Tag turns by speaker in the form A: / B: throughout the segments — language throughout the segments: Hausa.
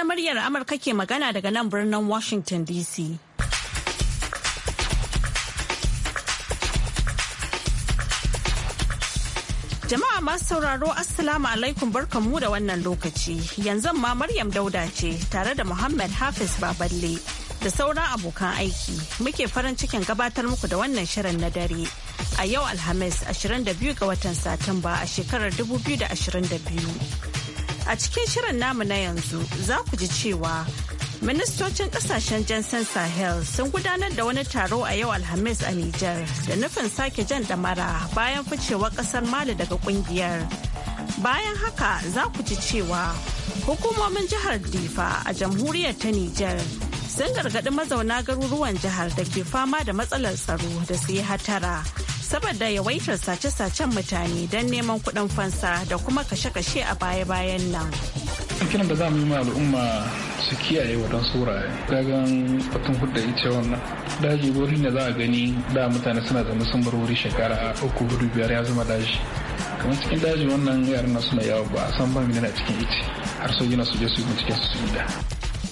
A: na muryar Amurka ke magana daga nan birnin Washington DC. Jama'a masu sauraro Assalamu alaikum barkanmu da wannan lokaci. Yanzu ma Maryam Dauda ce tare da Muhammad Hafiz Baballe da sauran abokan aiki. Muke farin cikin gabatar muku da wannan shirin na dare. A yau Alhamis 22 ga watan Satumba a shekarar 2022. A cikin shirin namu na yanzu za ku ji cewa ministocin kasashen jansan Sahel sun gudanar da wani taro a yau Alhamis a Nijar da nufin sake jan damara bayan ficewar kasar Mali daga kungiyar. Bayan haka za ku ji cewa hukumomin jihar Difa a jamhuriyar ta Nijar sun gargaɗi mazauna garuruwan jihar da ke fama da matsalar tsaro da su yi hatara. saboda yawaitar sace-sacen mutane don neman kuɗin fansa da kuma kashe-kashe a baya-bayan nan.
B: kiran da za mu yi ma al'umma su kiyaye waɗansu wurare gagan batun hudda ita wannan daji wuri ne za a gani da mutane suna zama sun bar wuri shekara uku hudu biyar ya zama daji kamar cikin daji wannan yaran na suna yawo ba a san ba a cikin iti har soji na su su yi binciken su da.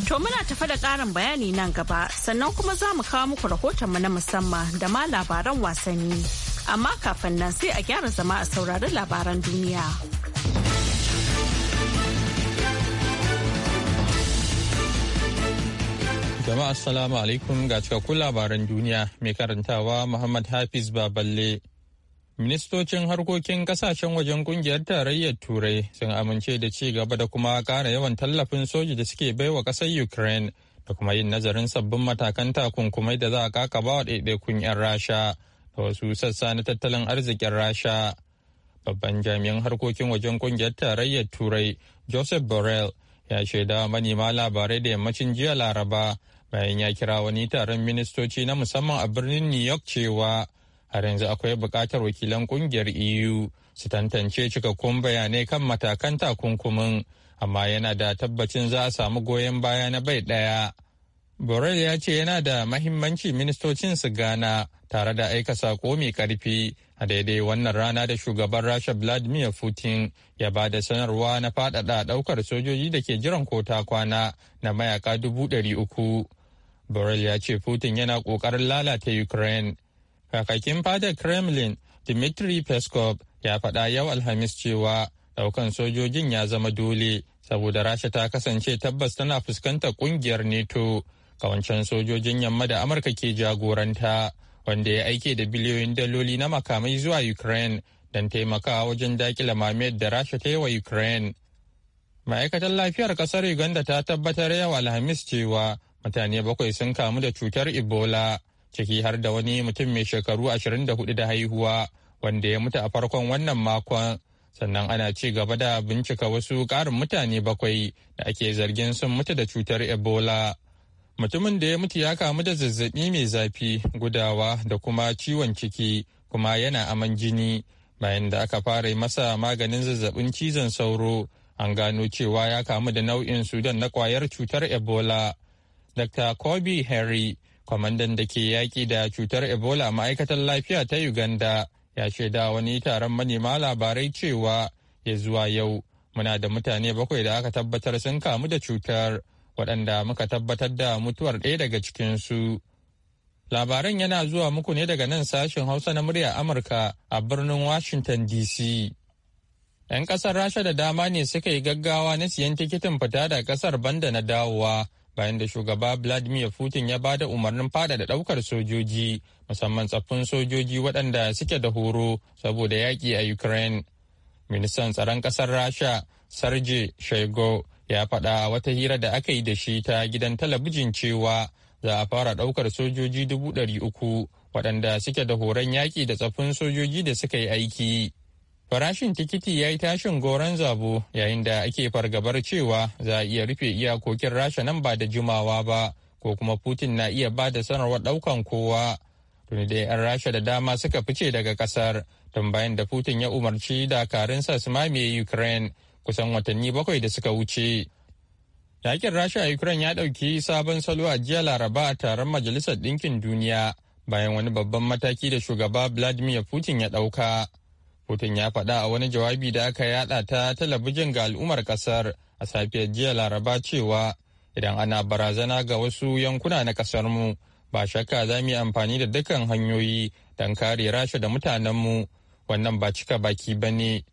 A: To muna tafa da ƙarin bayani nan gaba sannan kuma za mu kawo muku rahotonmu na musamman da ma labaran wasanni. amma kafin nan sai a gyara zama a sauraron labaran duniya.
C: Jama'a Assalamu alaikum ga cikakkun labaran duniya mai karantawa Muhammad Hafiz Baballe. Ministocin harkokin kasashen wajen kungiyar tarayyar Turai sun amince da ci gaba da kuma ƙara yawan tallafin soji da suke baiwa ƙasar Ukraine da kuma yin nazarin sabbin matakan takunkumai da za a kakaba wa ɗaiɗaikun 'yan Rasha a wasu sassa na tattalin arzikin rasha babban jami'in harkokin wajen kungiyar tarayyar turai joseph borrell ya shaida manema labarai da yammacin jiya laraba bayan ya kira wani taron ministoci na musamman a birnin new york cewa har yanzu akwai bukatar wakilan kungiyar eu su tantance cikakkun bayanai kan matakan takunkumin amma yana da tabbacin za a samu goyon baya na bai daya. Borrell ya ce yana da mahimmanci ministocin su gana tare da aika sako mai karfi a daidai wannan rana da shugaban Rasha Vladimir Putin ya ba da sanarwa na faɗaɗa ɗaukar sojoji da ke jiran kota kwana na mayaka dubu ɗari uku. Borrell ya ce Putin yana ƙoƙarin lalata Ukraine. Kakakin fadar Kremlin Dmitry Peskov ya faɗa yau Alhamis cewa ɗaukan sojojin ya zama dole saboda Rasha ta kasance tabbas tana fuskantar ƙungiyar NATO. kawancen sojojin yamma da amurka ke jagoranta wanda ya aike da biliyoyin daloli na makamai zuwa ukraine don taimakawa wajen dakila mamayar da rasha ta yi wa ukraine ma'aikatar lafiyar kasar uganda ta tabbatar yau alhamis cewa mutane bakwai sun kamu da cutar ebola ciki har da wani mutum mai shekaru 24 da haihuwa wanda ya mutu a farkon wannan makon sannan ana ci gaba da bincika wasu karin mutane bakwai da ake zargin sun mutu da cutar ebola mutumin da ya mutu ya kamu da zazzabi mai zafi gudawa da kuma ciwon ciki kuma yana aman jini bayan da aka fara masa maganin zazzabin cizon sauro an gano cewa ya kamu da nau'in sudan na kwayar cutar ebola dr kobe harry kwamandan da ke yaƙi da cutar ebola ma'aikatar lafiya ta uganda ya shaida wani taron manema labarai cewa ya zuwa yau muna da mutane bakwai da aka tabbatar sun kamu da cutar waɗanda muka tabbatar da mutuwar ɗaya daga cikinsu. Labaran yana zuwa muku ne daga nan sashen Hausa na murya Amurka a birnin Washington DC. 'Yan ƙasar Rasha da dama ne suka yi gaggawa na siyan tikitin fita da ƙasar banda na dawowa bayan da shugaba Vladimir Putin ya ba da umarnin faɗaɗa ɗaukar sojoji musamman tsaffin sojoji waɗanda suke da horo saboda yaƙi a Ukraine. Ministan tsaron ƙasar Rasha Sergei Shoigu ya faɗa a wata hira da aka yi da shi ta gidan talabijin cewa za a fara ɗaukar sojoji dubu ɗari uku waɗanda suke da horon yaƙi da tsaffin sojoji da suka yi aiki. Farashin tikiti ya yi tashin goron zabo yayin da ake fargabar cewa za a iya rufe iyakokin rasha nan ba da jimawa ba ko kuma Putin na iya ba da sanarwar ɗaukan kowa. Tuni dai 'yan rasha da dama suka fice daga ƙasar tun bayan da Putin ya umarci dakarunsa su mamaye Ukraine kusan watanni bakwai da suka wuce. Yakin Rasha a Ukraine ya ɗauki sabon salo a jiya Laraba a taron Majalisar Ɗinkin Duniya bayan wani babban mataki da shugaba Vladimir Putin ya ɗauka. Putin ya faɗa a wani jawabi da aka yaɗa ta talabijin ga al'ummar ƙasar a safiyar jiya Laraba cewa idan ana barazana ga wasu yankuna na ƙasarmu ba shakka za mu yi amfani da dukkan hanyoyi don kare Rasha da mutanenmu wannan ba cika baki ba ne.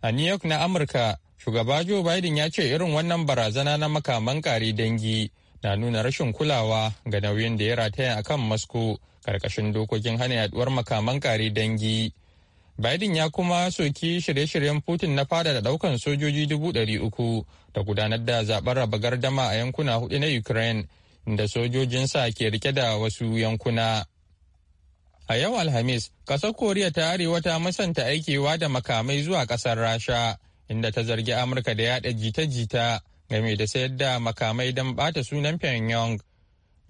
C: A New York na Amurka Shugaba Joe Biden ya ce irin wannan barazana na makaman kare dangi na nuna rashin kulawa ga nauyin da ya rataya a kan masko karkashin dokokin hana yaduwar makaman kare dangi. Biden ya kuma soki shirye-shiryen Putin na fada da daukan sojoji dubu ɗari uku da gudanar da zaben raba gardama a yankuna hudu na Ukraine inda sojojinsa ke rike da wasu yankuna. A yau Alhamis, ƙasar Koriya ta Arewa ta musanta aikewa da makamai zuwa ƙasar Rasha inda ta zargi amurka da yada jita-jita game da sayar da makamai don bata sunan pyongyang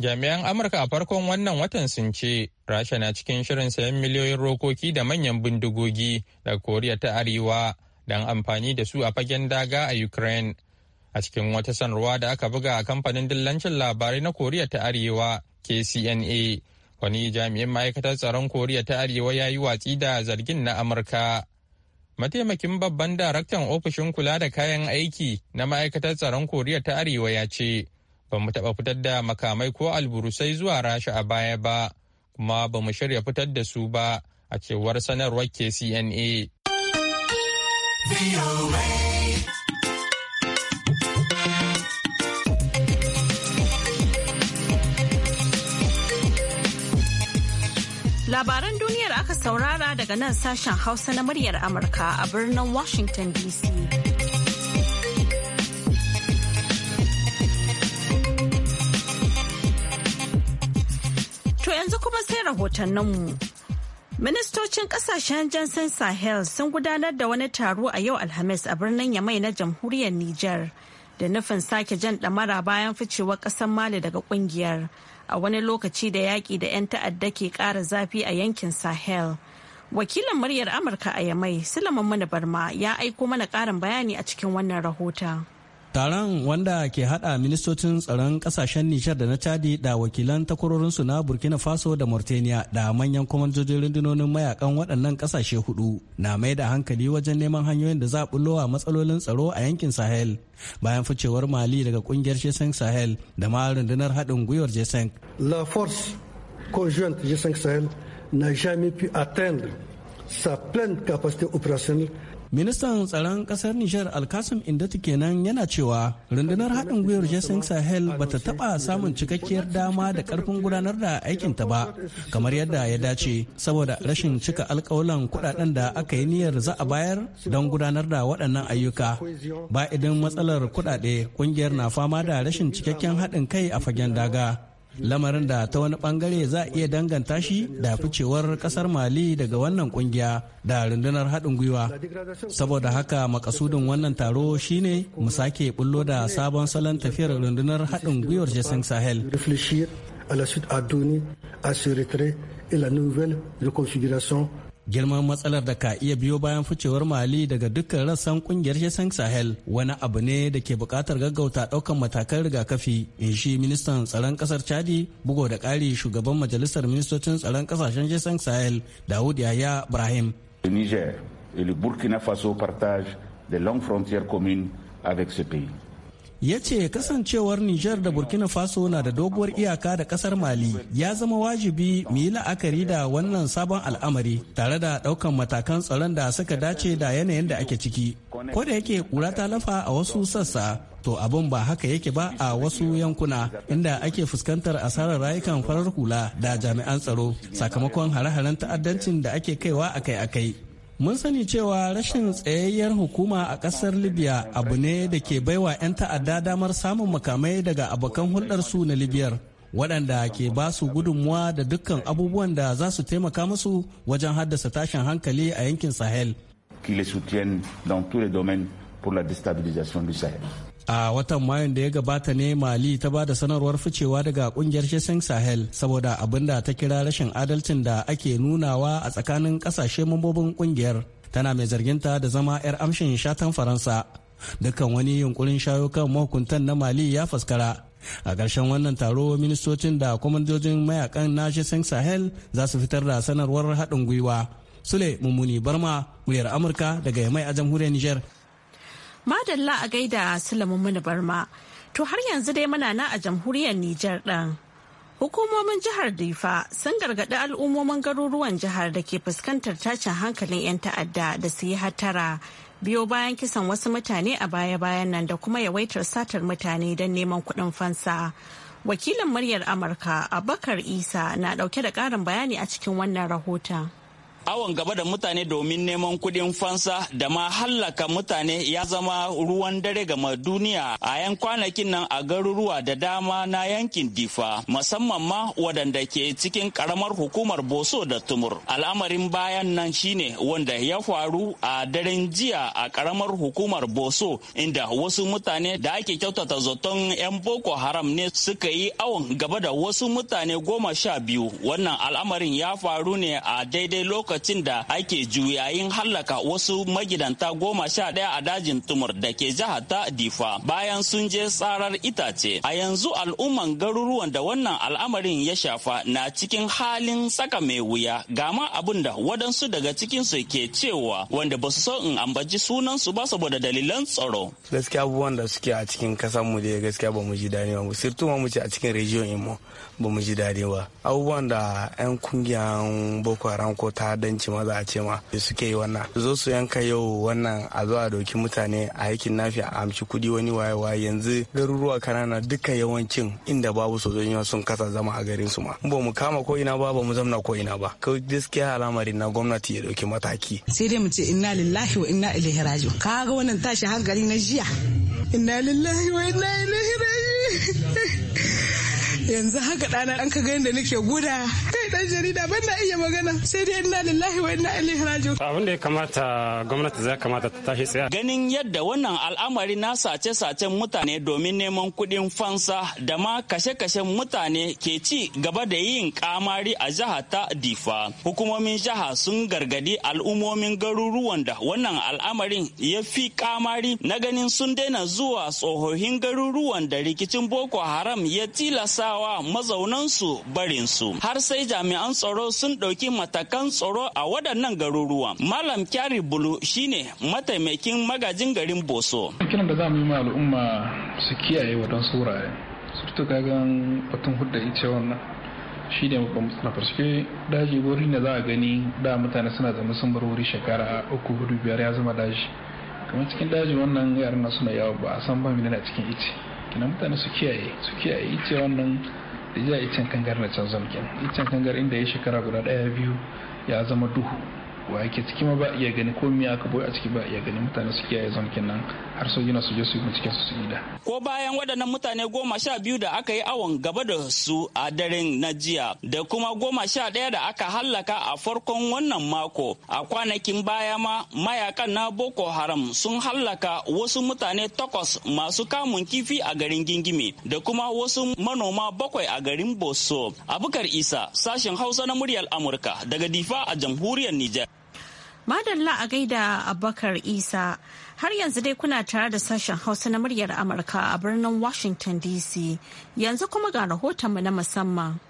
C: jami'an amurka a farkon wannan watan sun ce rasha na cikin shirin sayan miliyoyin rokoki da manyan bindigogi daga koriya ta arewa don amfani da su a fagen daga a ukraine a cikin wata sanarwa da aka buga a kamfanin dillancin labarai na koriya ta arewa kcna wani jami'in ma'aikatar tsaron koriya ta arewa ya yi watsi da zargin na amurka Mataimakin babban daraktan ofishin kula da kayan aiki na ma'aikatar tsaron Koriya ta Arewa ya ce, ba mu taɓa fitar da makamai ko alburusai zuwa rasha a baya ba, kuma ba mu shirya fitar da su ba a cewar sanarwar KCNA.
A: Labaran duniyar aka saurara daga nan sashen Hausa na muryar Amurka a birnin Washington DC. To yanzu kuma sai rahotanninmu. Ministocin kasashen Jansen Sahel sun gudanar da wani taro a yau Alhamis a birnin Yamai na jamhuriyar Nijar da nufin sake jan ɗamara bayan ficewar ƙasar Mali daga ƙungiyar. a wani lokaci da yaƙi da 'yan ta'adda ke ƙara zafi a yankin Sahel. Wakilin muryar Amurka a Yamai, Sulaiman Mana Barma ya aiko mana ƙarin bayani a cikin wannan rahoton.
B: Taron wanda ke hada ministocin tsaron kasashen Nijar da na Chadi da wakilan takwarorinsu na Burkina Faso da Mauritania da manyan kwamandojin rundunonin mayakan waɗannan kasashe hudu na mai da hankali wajen neman hanyoyin da za a bullowa matsalolin tsaro a yankin Sahel bayan ficewar Mali daga kungiyar g e Sahel da ma rundunar haɗin gwiwar g e La force conjointe g e Sahel n'a jamais pu atteindre sa pleine capacité opérationnelle Ministan tsaron ƙasar Nijar Alkasim Indati kenan yana cewa rundunar haɗin gwiwar Jason Sahel ta taɓa samun cikakkiyar dama da ƙarfin gudanar da aikinta ba kamar yadda ya dace saboda rashin cika alkawalan kuɗaɗen da aka yi niyyar za a bayar don gudanar da waɗannan ayyuka. Ba idan matsalar kuɗaɗe ƙungiyar na fama da rashin cikakken haɗin kai a fagen daga. lamarin da ta wani bangare za a iya danganta shi da ficewar kasar mali daga wannan kungiya da rundunar haɗin gwiwa saboda haka makasudin wannan taro shine mu sake bullo da sabon salon tafiyar rundunar haɗin gwiwar jason sahel à la suite à donner à ce retrait et la nouvelle reconfiguration girman matsalar da ka iya biyo bayan ficewar mali daga dukkan rassan kungiyar shesan sahel wani abu ne da ke bukatar gaggauta daukan matakan rigakafi in shi ministan tsaron kasar chadi bugo da kari shugaban majalisar ministocin tsaron kasashen shesan sahel dawud yaya ibrahim
D: niger et burkina faso partage de long frontières commune avec ce
B: ya ce kasancewar Nijar da Burkina Faso na da doguwar iyaka da kasar Mali ya zama wajibi mu yi la'akari da wannan sabon al'amari tare da ɗaukan matakan tsaron da suka dace da yanayin da ake ciki. Ko da yake kura ta lafa a wasu sassa to abin ba haka yake ba a wasu yankuna inda ake fuskantar asarar rayukan farar hula da jami'an tsaro sakamakon hare-haren ta'addancin da ake kaiwa akai-akai. Mun sani cewa rashin tsayayyar hukuma a ƙasar Libya abu ne da ke baiwa 'yan ta'adda damar samun makamai daga abokan hulɗarsu na Libyar, waɗanda ke ba su gudunmuwa da dukkan abubuwan da za su taimaka musu wajen haddasa tashin hankali a yankin Sahel.
D: kile la
B: a watan mayun da ya gabata ne mali ta ba da sanarwar ficewa daga kungiyar shesin sahel saboda abin da ta kira rashin adalcin da ake nunawa a tsakanin kasashe mambobin kungiyar tana mai zarginta da zama 'yar amshin shatan faransa dukkan wani yunkurin shayo kan mahukuntan na mali ya faskara a ƙarshen wannan taro ministocin da kwamandojin mayakan na shesin sahel za su fitar da sanarwar haɗin gwiwa sule mummuni barma muryar amurka daga yamai a jamhuriyar niger
A: Madalla a gaida Sulaiman mana Barma. To har yanzu dai muna na a jamhuriyar Nijar ɗin. Hukumomin jihar Difa sun gargaɗi al'ummomin garuruwan jihar da ke fuskantar tashin hankalin 'yan ta'adda da su yi hatara biyo bayan kisan wasu mutane a baya-bayan nan da kuma yawaitar satar mutane don neman kuɗin fansa. Wakilin muryar Amurka Abakar Isa na ɗauke da ƙarin bayani a cikin wannan rahoton.
D: awon gaba da mutane domin neman kuɗin fansa da ma hallaka mutane ya zama ruwan dare gama duniya a yan kwanakin nan a garuruwa da dama na yankin difa musamman ma wadanda ke cikin karamar hukumar boso da tumur al'amarin bayan nan shine wanda ya faru a daren jiya a karamar hukumar boso inda wasu mutane da ake kyautata zaton 'yan boko haram ne suka yi awon gaba da wasu mutane goma sha biyu wannan al'amarin ya faru ne a daidai lokacin lokacin da ake juyayin hallaka wasu magidanta goma sha ɗaya a dajin tumur da ke jihar ta difa bayan sun je tsarar itace a yanzu al'umman garuruwan da wannan al'amarin ya shafa na cikin halin saka mai wuya gama abin da waɗansu daga cikinsu ke cewa wanda ba su so in ambaci su ba saboda dalilan tsaro
B: gaskiya abubuwan da suke a cikin kasan mu dai gaskiya ba mu ji daɗi ba sirtu ma mu ce a cikin region mu ba mu ji daɗi ba abubuwan da 'yan kungiyan boko haram ko ta ta'addanci ma za a ce ma suke yi wannan zo su yanka yau wannan a zo a dauki mutane a aikin nafi a amshi kudi wani wayewa yanzu garuruwa kanana duka yawancin inda babu sojoji sun kasa zama a garin su ma ba mu kama ko ina ba ba mu zamna ko ina ba ko gaskiya al'amarin na gwamnati ya dauki mataki
E: sai dai mu ce inna lillahi wa inna ilaihi raji'un kaga wannan tashi hankali na jiya inna lillahi wa inna ilaihi raji'un yanzu haka ɗana ɗan ka ga yadda nake guda kai ɗan jarida ban na iya magana sai dai ina lillahi wa ina ilaihi raji'un
D: abin da ya kamata gwamnati za kamata ta tashi tsaya ganin yadda wannan al'amari na sace-sacen mutane domin neman kuɗin fansa da ma kashe-kashen mutane ke ci gaba da yin kamari a jiha ta difa hukumomin jiha sun gargadi al'ummomin garuruwan da wannan al'amarin ya fi kamari na ganin sun daina zuwa tsohohin garuruwan da rikicin boko haram ya tilasa tilastawa mazaunansu barinsu har sai jami'an tsaro sun ɗauki matakan tsaro a waɗannan garuruwa. Malam Kyari Bulu shine mataimakin magajin garin Boso.
B: Kiran da za mu yi ma al'umma su kiyaye waɗansu wurare. fito gagan batun hudda ice wannan shi ne babban matsala farshe daji wuri ne za a gani da mutane suna zama sun bar wuri shekara uku hudu biyar ya zama daji kamar cikin daji wannan yaran suna yawo ba a san ba mina cikin ice kenan mutane su kiyaye su kiyaye ita wannan da ya can kangar na can zamkin can kangar inda ya shekara guda daya biyu ya zama duhu wa yake ciki ma ba iya gani ko miya aka boye a ciki ba iya gani mutane su kiyaye nan har yana su je su yi binciken su su gida.
D: ko bayan waɗannan mutane goma sha biyu da aka yi awon gaba da su a daren na jiya da kuma goma sha ɗaya da aka hallaka a farkon wannan mako a kwanakin baya ma mayakan na boko haram sun hallaka wasu mutane takwas masu kamun kifi a garin gingimi da kuma wasu manoma bakwai a garin boso abukar isa sashen hausa na muryar amurka daga difa a jamhuriyar nijar
A: Madalla a gaida Abubakar Isa. Har yanzu dai kuna tare da sashen Hausa na muryar Amurka a birnin Washington DC. Yanzu kuma ga rahotonmu na
E: musamman.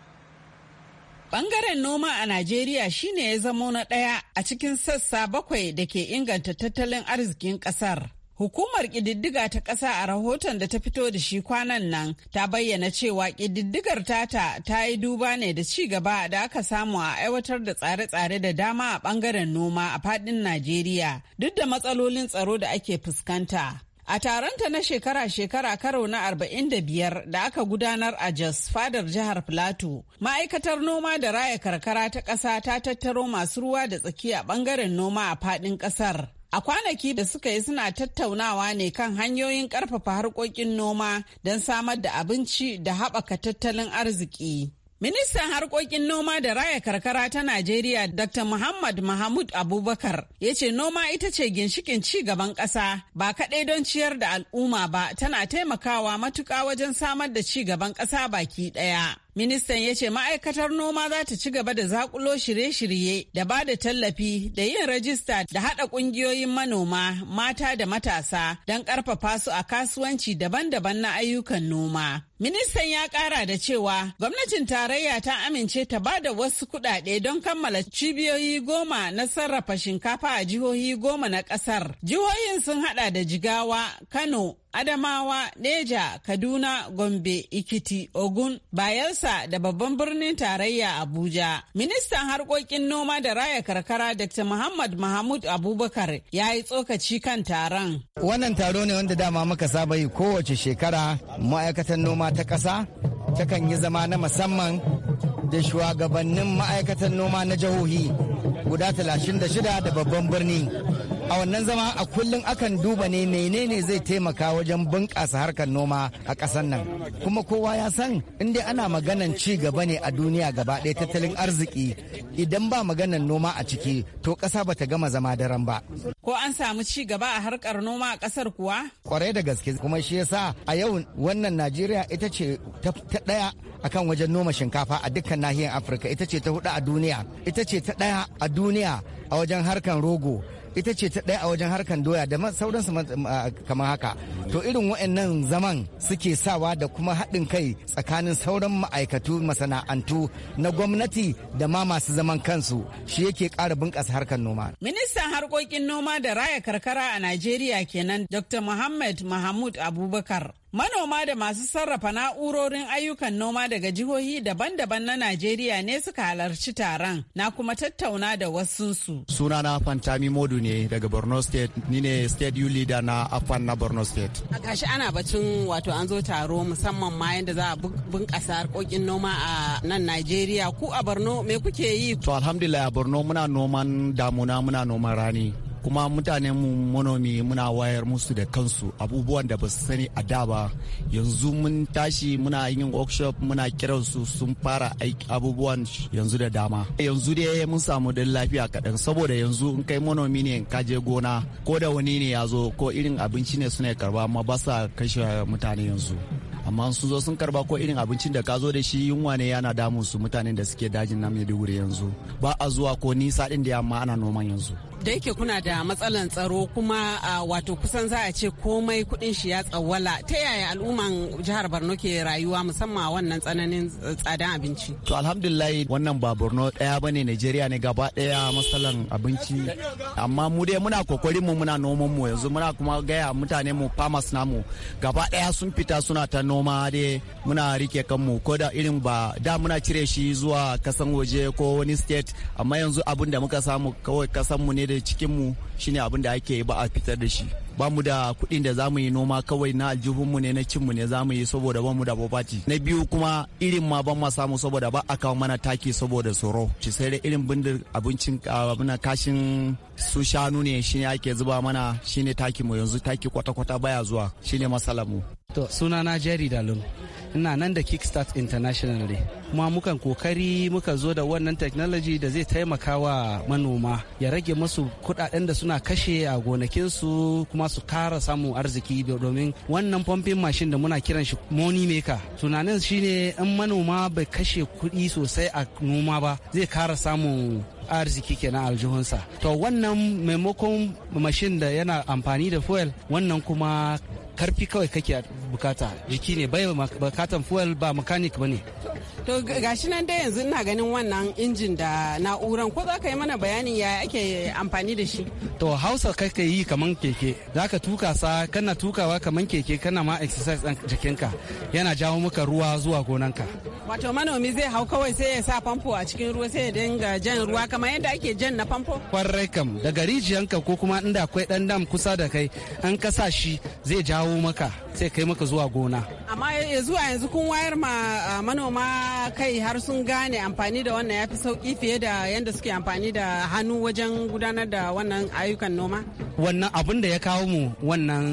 E: Bangaren noma a Najeriya shine ya zamo na ɗaya a cikin sassa bakwai da ke inganta tattalin arzikin ƙasar. Hukumar ƙididdiga ta ƙasa a rahoton da ta fito da shi kwanan nan ta bayyana cewa ƙididdigar tata ta yi duba ne da ci gaba da aka samu a aiwatar da tsare-tsare da dama a ɓangaren noma a faɗin Najeriya duk da matsalolin tsaro da ake fuskanta. A taronta na shekara-shekara karo na 45 da aka gudanar a Jos fadar jihar Filato, ma'aikatar noma da raya karkara ta ƙasa ta tattaro masu ruwa da tsaki a ɓangaren noma a faɗin ƙasar. A kwanaki da suka yi suna tattaunawa ne kan hanyoyin ƙarfafa harkokin noma don samar da abinci da haɓaka tattalin arziki. Ministan harkokin noma da raya karkara ta Najeriya Dr. Muhammad Mahmud Abubakar ya ce noma ita ce ginshikin ci gaban ƙasa ba kaɗai don ciyar da al'umma ba tana taimakawa matuƙa wajen samar da ci gaban ƙasa baki ɗaya. Ministan ya ce ma'aikatar noma za ta ci gaba da zakulo shirye-shirye da ba da tallafi da yin rajista da haɗa ƙungiyoyin manoma, mata da matasa don ƙarfafa su a kasuwanci daban-daban na ayyukan noma. Ministan ya ƙara da cewa gwamnatin tarayya ta amince ta ba da wasu kuɗaɗe don kammala cibiyoyi goma na sarrafa shinkafa a jihohi goma na ƙasar. Jihohin sun haɗa da Jigawa, Kano, Adamawa, Neja, Kaduna, Gombe, Ikiti, Ogun, Bayelsa da babban birnin tarayya Abuja. Ministan harkokin noma da raya karkara Dr. Muhammad Mahmud Abubakar ya yi tsokaci kan taron. Wannan taro ne wanda dama
F: muka saba yi kowace shekara ma'aikatan noma ta ƙasa takan yi zama na musamman da shugabannin ma'aikatan noma na jihohi guda 36 da babban birni. a wannan zama a kullum akan duba ne menene zai taimaka wajen bunƙasa harkar noma a ƙasar nan kuma kowa ya san inda ana maganan ci gaba ne a duniya gaba ɗaya tattalin arziki idan ba maganan noma a ciki to ƙasa ba ta gama zama daren ba
E: ko an samu ci gaba a harkar noma a ƙasar kuwa
F: kwarai da gaske kuma shi yasa a yau wannan najeriya ita ce ta ɗaya akan wajen noma shinkafa a dukkan nahiyar afirka ita ce ta hudu a duniya ita ce ta ɗaya a duniya a wajen harkar rogo ita ce ta ɗaya a wajen harkan doya da sauransu kamar haka to irin wa'annan zaman suke sawa da kuma haɗin kai tsakanin sauran ma'aikatu masana'antu na gwamnati da ma masu zaman kansu shi yake ƙara bunƙasa harkar noma
E: ministan harkokin noma da raya karkara a najeriya kenan dr muhammad mahmud abubakar Manoma da masu sarrafa na'urorin ayyukan noma daga jihohi daban-daban na Najeriya ne suka halarci taron na kuma tattauna da Suna
G: na Fantami Modu ne daga Borno State, ni ne State U Leader na Afan na Borno State.
E: A kashi ana bacin wato an zo taro musamman ma yadda za a bunƙasa harkokin noma a nan Najeriya. Ku
G: a Borno me kuke yi? To alhamdulillah a Borno muna noman damuna muna noman rani. kuma mutanen mu manomi muna wayar musu da kansu abubuwan da ba su sani a da ba yanzu mun tashi muna yin workshop muna kiran su sun fara aiki abubuwan yanzu da dama yanzu dai mun samu dan lafiya kaɗan saboda yanzu in kai manomi ne ka je gona ko da wani ne ya zo ko irin abinci ne suna karba amma ba sa kashe mutane yanzu amma sun zo sun karba ko irin abincin da ka zo da shi yunwa ne yana damun su mutanen da suke dajin na maiduguri yanzu ba a zuwa ko nisa din da yamma ana noman
E: yanzu da yake kuna da matsalan tsaro kuma wato kusan za a ce komai kudin shi ya tsawwala ta yaya al'umman jihar borno ke rayuwa musamman wannan tsananin eh, tsadan abinci
G: to alhamdulillah wannan ba borno daya bane nigeria ne gaba daya matsalan abinci amma mu dai muna kokarin mu muna noman mu yanzu muna kuma gaya mutane mu farmers namu gaba daya sun fita suna ta noma dai muna rike kanmu ko da irin ba da muna cire shi zuwa kasan waje ko wani state amma yanzu abin da muka samu kawai kasan mu ne da mu shine abin da ake ba a fitar da shi ba mu da kuɗin da za yi noma kawai na aljihunmu ne na cinmu ne za yi saboda ba mu da bobati na biyu kuma irin ma ban ma samu saboda ba a kawo mana taki saboda tsoro ci sai da irin bindir abincin ah, abuna kashin su shanu ne shine ake zuba mana shine taki mu yanzu taki kwata-kwata baya zuwa shine masalamu. mu To suna na Jerry Dalun. Ina nan da Kickstart International ne.
H: Kuma mukan kokari muka zo da wannan technology da zai taimaka wa manoma ya rage masu kudaden da suna kashe a gonakinsu kuma su kara samun arziki domin wannan pumping machine da muna kiran shi money maker. Tunanin shine in manoma bai kashe kudi sosai a noma ba zai kara samun arziki kenan aljihunsa to wannan maimakon mashin da yana amfani da fuel wannan kuma karfi kawai kake bukata jiki ne bai bukatan fuel ba mechanic ba ne
E: To gashi nan dai yanzu ina ganin wannan injin da na'uran ko za ka yi mana bayanin ya ake amfani da shi?
H: To hausa kake yi kaman keke za ka tuka sa kana tukawa kaman keke kana ma exercise ɗan jikinka yana jawo maka ruwa zuwa gonanka.
E: Wato manomi zai hau kawai sai ya sa famfo a cikin ruwa sai ya dinga jan ruwa kamar yadda ake jan na famfo? Kwarai
H: kam daga rijiyanka ko kuma inda akwai dan dam kusa da kai an ka shi zai jawo maka sai kai maka zuwa gona
E: amma zuwa yanzu kun wayar ma manoma kai har sun gane amfani da wannan ya fi sauki fiye da yadda suke amfani da hannu wajen gudanar da wannan ayyukan noma
H: wannan abin da ya kawo mu wannan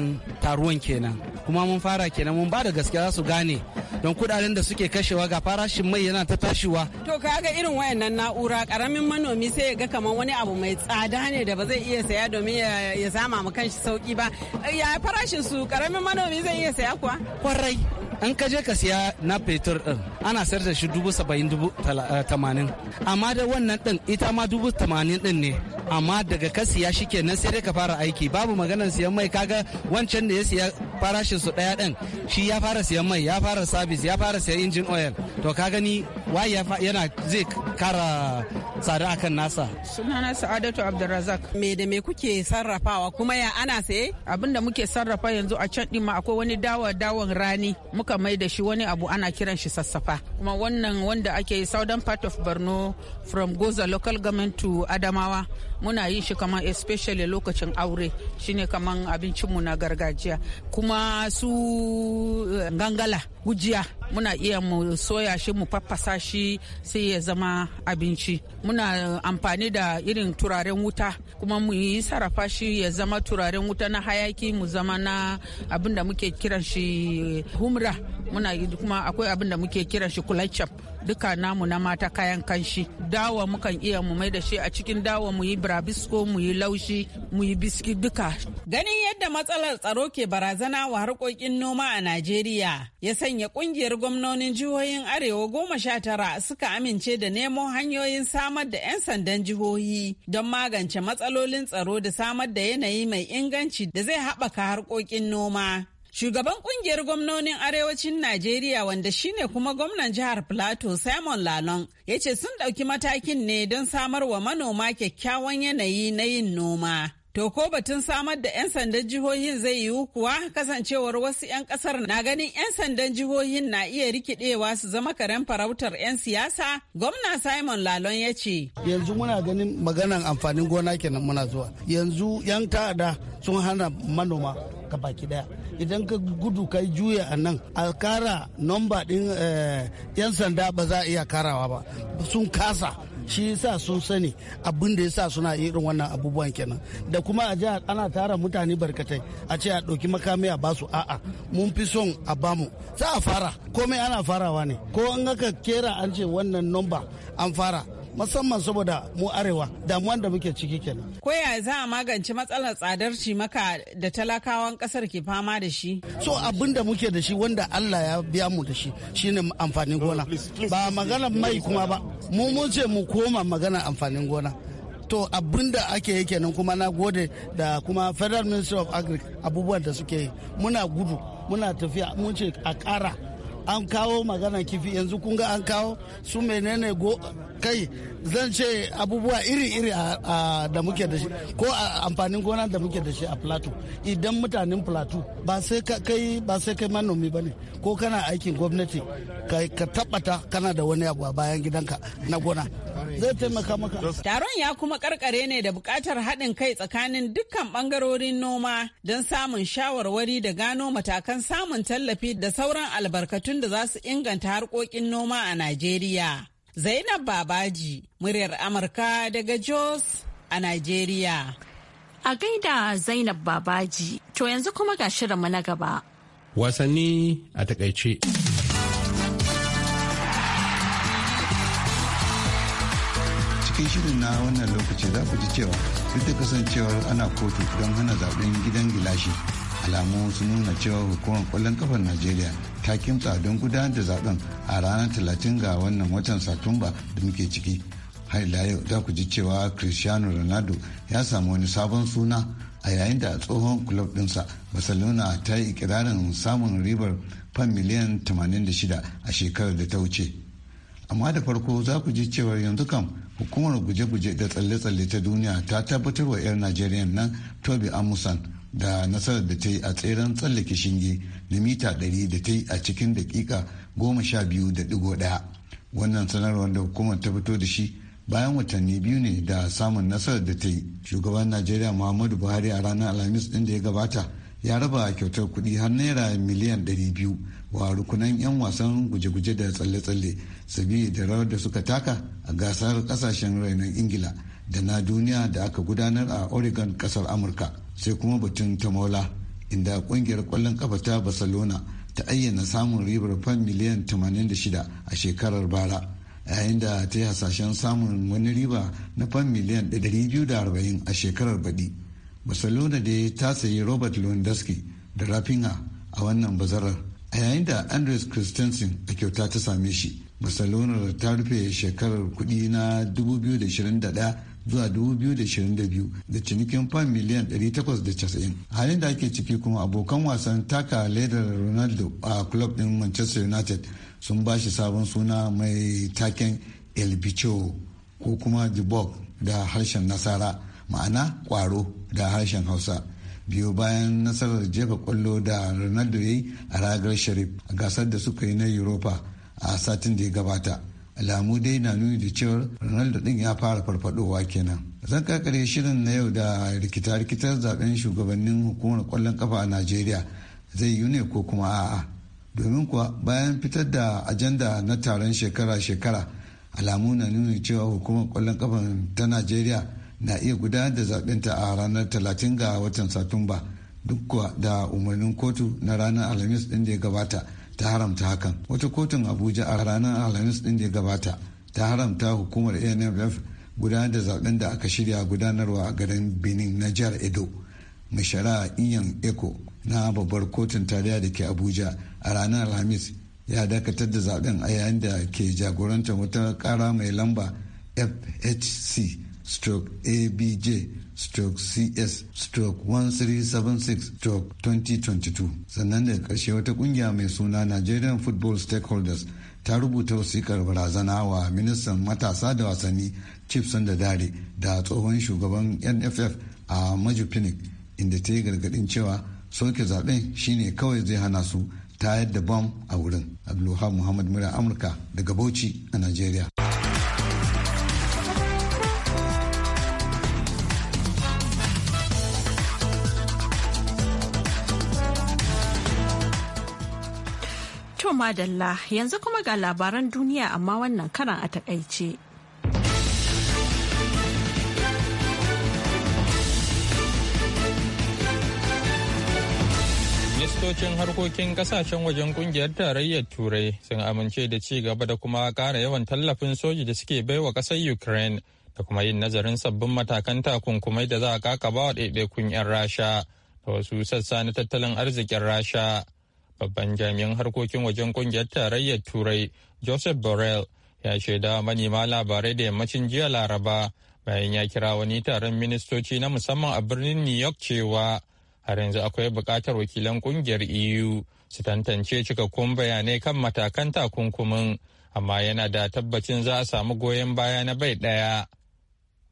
H: taruwan kenan kuma mun fara kenan mun ba da gaskiya za su gane don kudaden da suke kashewa ga farashin mai yana ta tashiwa
E: to kaga irin wayannan na'ura karamin manomi sai ya ga kamar wani abu mai tsada ne da ba zai iya saya domin ya zama ma kanshi sauki ba eh, ya farashin su karamin manomi zai iya saya kuwa kwarai
H: an kaje ka siya na fetur din ana sayar da shi dubu saba'in dubu eh, tamanin amma da wannan din ita ma dubu tamanin din ne amma daga ka siya shi kenan sai dai ka fara aiki babu maganar siyan mai kaga wancan da ya siya farashin su daya din shi ya fara siyan mai ya fara sabis ya fara siyan injin oil to ka gani wai ya yana zai kara tsari akan nasa
E: sunana sa'adatu abdulrazak me da me kuke sarrafawa kuma ya ana saye abinda muke sarrafa yanzu a can din ma akwai wani dawa dawon rani muka mai da shi wani abu ana kiran shi sassafa kuma wannan wanda ake southern part of borno from goza local government to adamawa muna yin shi kamar especially lokacin aure shine kamar abincinmu na gargajiya kuma su eh, gangala gujiya muna iya mu soya shi mu faffasa shi sai ya zama abinci muna amfani da irin turaren wuta kuma mu yi sarrafa shi ya zama turaren wuta na hayaki mu zama na abinda muke kiran shi eh, humra muna kuma akwai abinda muke kiran shi kulachap duka namu na mata kayan kanshi dawa mukan iya mu mai da shi a cikin dawa mu yi brabisko mu yi laushi mu yi biski duka ganin yadda matsalar tsaro ke barazana wa harkokin noma a najeriya ya sanya kungiyar gwamnonin jihohin arewa goma sha tara suka amince da nemo hanyoyin samar da 'yan sandan jihohi don magance matsalolin tsaro da samar da yanayi mai inganci da zai haɓaka harkokin noma Shugaban kungiyar gwamnonin arewacin Najeriya wanda shine kuma gwamnan jihar Plateau Simon Lalon ya ce sun ɗauki matakin ne don samar wa manoma kyakkyawan yanayi na yin noma. To ko batun samar da 'yan sandan jihohin zai yiwu kuwa kasancewar wasu 'yan kasar na ganin 'yan sandan jihohin na iya rikidewa su zama karen farautar 'yan siyasa? Gwamna Simon Lalon ya ce.
I: Yanzu muna ganin maganan amfanin gona kenan muna zuwa. Yanzu 'yan ta'ada sun hana manoma ka baki daya idan ka gudu kai juya a nan a kara nomba din eh, yan sanda ba za a iya karawa ba sun kasa shi yasa sun sani abin da yasa suna irin wannan abubuwan kenan da kuma a jihar ana tara mutane barkatai a ce a ɗauki makami a basu a'a mun fi son a bamu za a fara komai ana farawa ne ko an aka kera an ce wannan nomba an fara musamman saboda mu arewa damuwan da muke ciki kenan.
E: Ko ya za a magance matsalar tsadar cimaka da talakawan kasar ke fama da shi? So
I: abin da muke da shi wanda Allah ya biya mu da shi shine amfanin gona. Ba magana mai kuma ba. Mu mun ce mu koma magana amfanin gona. to abin da ake yi kenan kuma na gode da kuma federal ministry of agriculture abubuwan da suke yi muna gudu muna tafiya mun ce a kara an kawo magana kifi yanzu kun ga an kawo su menene go kai zan ce abubuwa iri-iri da muke da shi ko amfanin gona da muke da shi a plateau idan mutanen plateau ba sai kai ba sai kai manomi ba ne ko kana aikin gwamnati ka tabbata kana da wani abu a bayan gidanka na gona zai taimaka maka
E: taron ya kuma karkare ne da bukatar haɗin kai tsakanin dukkan bangarorin noma don samun shawarwari da gano matakan samun tallafi da sauran albarkatun makarantun da za su inganta harkokin noma a Najeriya. Zainab Babaji, muryar Amurka daga Jos a Najeriya.
A: A gaida Zainab Babaji, to yanzu kuma ga shirinmu na gaba.
C: Wasanni a takaice.
J: cikin shirin na wannan lokaci za ku ji cewa duk da kasancewar ana kotu don hana zaɓen gidan gilashi alamu sun nuna cewa hukumar kwallon kafar najeriya ta kimtsa don gudanar da zaben a ranar talatin ga wannan watan satumba da muke ciki har ila yau za ku ji cewa cristiano ronaldo ya samu wani sabon suna a yayin da tsohon kulob dinsa barcelona ta yi ikirarin samun ribar fan miliyan 86 a shekarar da ta wuce amma da farko za ku ji cewa yanzu kam hukumar guje-guje da tsalle-tsalle ta duniya ta tabbatar wa 'yar najeriya nan tobi amusan da nasarar da ta yi a tseren tsallake shinge na mita 100 da ta yi a cikin dakika 12.1 wannan sanarwar da hukumar ta fito da shi bayan watanni biyu ne da samun nasarar da ta yi shugaban najeriya muhammadu buhari a ranar alhamis din da ya gabata ya raba kyautar kuɗi har naira miliyan 200 wa rukunan 'yan wasan guje-guje da tsalle-tsalle sabi da rawar da suka taka a gasar kasashen rainon ingila da na duniya da aka gudanar a oregon ƙasar amurka sai kuma batun tamola inda kungiyar kwallon kafa ta barcelona ta ayyana samun ribar fan miliyan 86 a shekarar bara yayin da ta yi hasashen samun wani riba na fan miliyan 240 a shekarar baɗi barcelona da ta sayi robert lewandowski da rafinha a wannan bazarar a yayin da andres christensen a kyauta ta same shi barcelona ta rufe shekarar kudi na 2021 zuwa 2022 da cinikin fan miliyan 890 halin da ake ciki kuma abokan wasan taka ledar ronaldo a club din manchester united sun ba shi sabon suna mai taken el bicho ko kuma jibok da harshen nasara ma'ana kwaro da harshen hausa biyu bayan nasarar jefa kwallo da ronaldo ya yi a ragar sharif a gasar da suka yi na europa a satin da ya gabata alamu dai na nuni da cewar ronaldo din ya fara farfadowa kenan zan kakare shirin na yau da rikita-rikitar zaben shugabannin hukumar kwallon kafa a najeriya zai yi ne ko kuma a'a domin kuwa bayan fitar da ajanda na taron shekara-shekara alamu na nuni cewa hukumar kwallon kafa ta najeriya na iya gudanar da ta a ranar 30 ga watan satumba duk kuwa da umarnin kotu na ranar alhamis din da ya gabata ta haramta hakan wata kotun abuja a ranar alhamis din da ya gabata ta haramta hukumar anff gudanar da zaben da aka shirya gudanarwa a garin benin na jihar edo mai shari'a iyan eko na babbar kotun tarayya da ke abuja a ranar alhamis ya dakatar da zaben a yayin da ke jagorantar wata kara mai lamba fhc stroke abj stroke cs stroke 1376 stroke 2022 sannan daga ƙarshe wata ƙungiya mai suna nigerian football stakeholders ta rubuta wasikar barazana wa ministan matasa da wasanni chief da dare da tsohon shugaban nff a maju phoenix inda ta yi gargadin cewa soke zaben shine kawai zai hana su tayar da bom a wurin Abdullahi muhammad mura amurka daga bauchi a nigeria
A: madalla yanzu kuma ga labaran duniya amma wannan karan a takaice.
C: Ministocin harkokin kasashen wajen kungiyar tarayyar Turai sun amince da ci gaba da kuma kara yawan tallafin soji da suke baiwa kasar Ukraine da kuma yin nazarin sabbin matakan takunkumai da za a kakaba wa ɗaiɗaikun 'yan Rasha da wasu sassa na tattalin arzikin Rasha. babban jami'in harkokin wajen kungiyar tarayyar turai joseph borrell ya shaida manema labarai da yammacin jiya laraba bayan ya kira wani taron ministoci na musamman a birnin new york cewa har yanzu akwai buƙatar wakilan kungiyar eu su tantance cikakkun bayanai kan matakan takunkumin amma yana da tabbacin za a samu goyon baya na bai ɗaya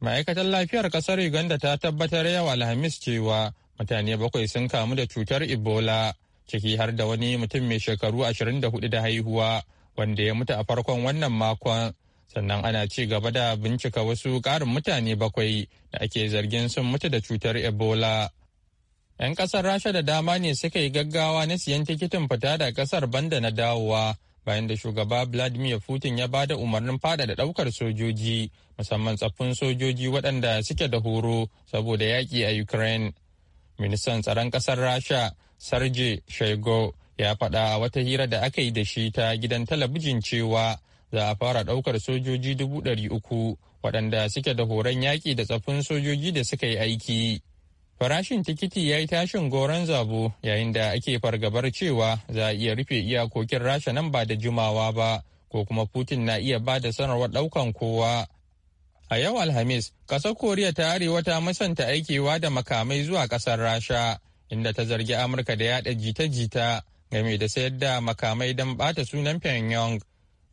C: ma'aikatar lafiyar ƙasar uganda ta tabbatar yau alhamis cewa mutane bakwai sun kamu da cutar ebola ciki har da wani mutum mai shekaru 24 da haihuwa wanda ya mutu a farkon wannan makon sannan ana ci gaba da bincika wasu ƙarin mutane bakwai da ake zargin sun mutu da cutar ebola 'yan ƙasar rasha da dama ne suka yi gaggawa na siyan tikitin fita da ƙasar banda na dawowa bayan da shugaba vladimir putin ya ba da umarnin da ɗaukar sojoji musamman tsaffin sojoji waɗanda suke da horo saboda yaƙi a ukraine ministan tsaron ƙasar rasha sarje shaigo ya faɗa a wata hira da aka yi da shi ta gidan talabijin cewa za a fara ɗaukar sojoji dubu ɗari uku waɗanda suke da horon yaƙi da tsaffin sojoji da suka yi aiki. Farashin tikiti ya yi tashin goron zabo yayin da ake fargabar cewa za a iya rufe iyakokin rasha nan ba da jimawa ba ko kuma Putin na iya ba da sanarwar ɗaukan kowa A yau Alhamis, kasar Koriya ta Arewa ta musanta aikewa da makamai zuwa kasar Rasha, inda ta zargi Amurka da yada jita-jita game da sayar da makamai don bata sunan Pyongyang.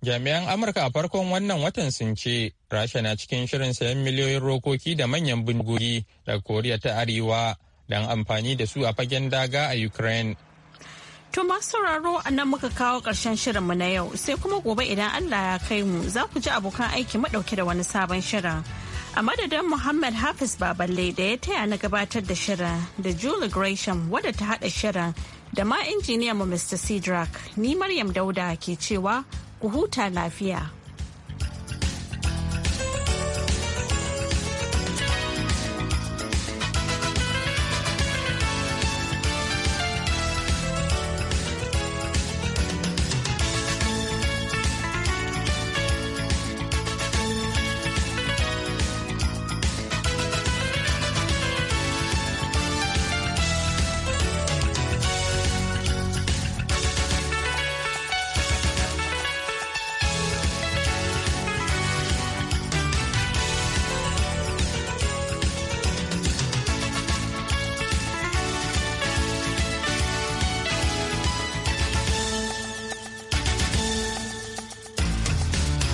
C: Jami'an Amurka a farkon wannan watan sun ce, Rasha na cikin shirin sayan miliyoyin rokoki da manyan bindigogi daga Koriya ta Arewa don amfani da su a fagen daga a Ukraine.
A: To masu sauraro a nan muka kawo ƙarshen shirinmu na yau sai kuma gobe idan Allah ya kai mu za ku ji abokan aiki madauki da wani sabon shirin. A madadin Muhammad Hafiz Baballe da ya taya na gabatar da shirin da Julie Gresham wadda ta haɗa shirin da ma injiniyanmu Mr. sidrak ni Maryam Dauda ke cewa ku huta lafiya.